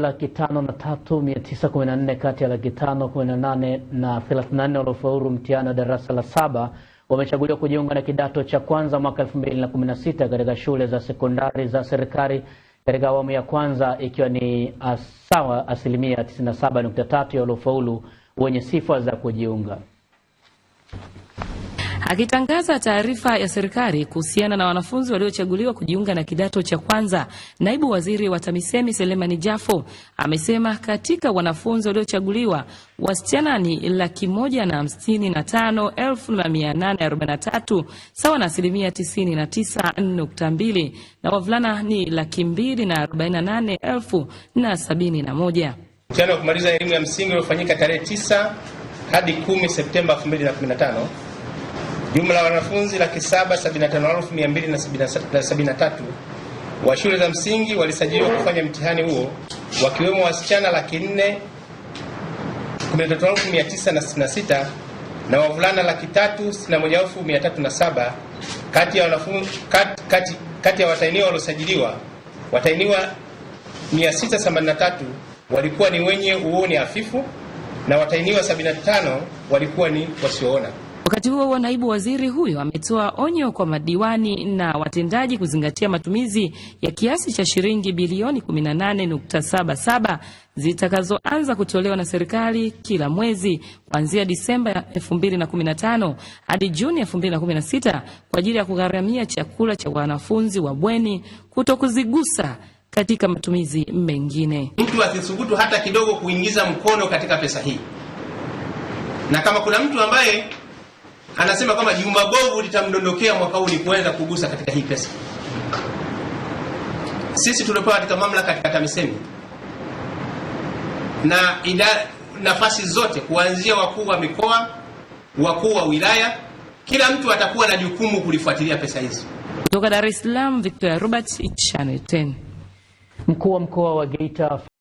laki tano na tatu mia tisa kumi na nne kati ya laki tano kumi na nane na thelathini na nne waliofaulu mtihani wa darasa la saba wamechaguliwa kujiunga na kidato cha kwanza mwaka elfu mbili na kumi na sita katika shule za sekondari za serikali katika awamu ya kwanza ikiwa ni ah, sawa asilimia tatu ya waliofaulu wenye sifa za kujiunga. Akitangaza taarifa ya serikali kuhusiana na wanafunzi waliochaguliwa kujiunga na kidato cha kwanza, naibu waziri wa TAMISEMI Selemani Jafo amesema katika wanafunzi waliochaguliwa wasichana ni laki moja na hamsini na tano elfu na mia nane arobaini na tatu sawa na asilimia tisini na tisa nukta mbili na wavulana ni laki mbili na arobaini na nane elfu na sabini na moja. Mtihani wa kumaliza elimu ya msingi uliofanyika tarehe 9 hadi 10 Septemba 2015 Jumla ya wanafunzi laki saba wa shule za msingi walisajiliwa kufanya mtihani huo wakiwemo wasichana laki nne na wavulana laki tatu sitini na moja elfu mia tatu na saba. Kati ya wanafunzi kati, kati, kati ya watainiwa waliosajiliwa watainiwa 683 walikuwa ni wenye uoni hafifu na watainiwa 75 walikuwa ni wasioona. Wakati huo huo, naibu waziri huyo ametoa onyo kwa madiwani na watendaji kuzingatia matumizi ya kiasi cha shilingi bilioni 18.77 zitakazoanza kutolewa na serikali kila mwezi kuanzia Disemba 2015 hadi Juni 2016 kwa ajili ya kugharamia chakula cha wanafunzi wa bweni, kutokuzigusa katika matumizi mengine. Mtu asithubutu hata kidogo kuingiza mkono katika pesa hii, na kama kuna mtu ambaye anasema kama jumba bovu litamdondokea mwaka huu ni kuweza kugusa katika hii pesa. Sisi tuliopewa katika mamlaka katika TAMISEMI na ida, nafasi zote kuanzia wakuu wa mikoa, wakuu wa wilaya, kila mtu atakuwa na jukumu kulifuatilia pesa hizi. Kutoka Dar es Salaam, Victoria Robert, Channel 10. Mkuu wa mkoa wa Geita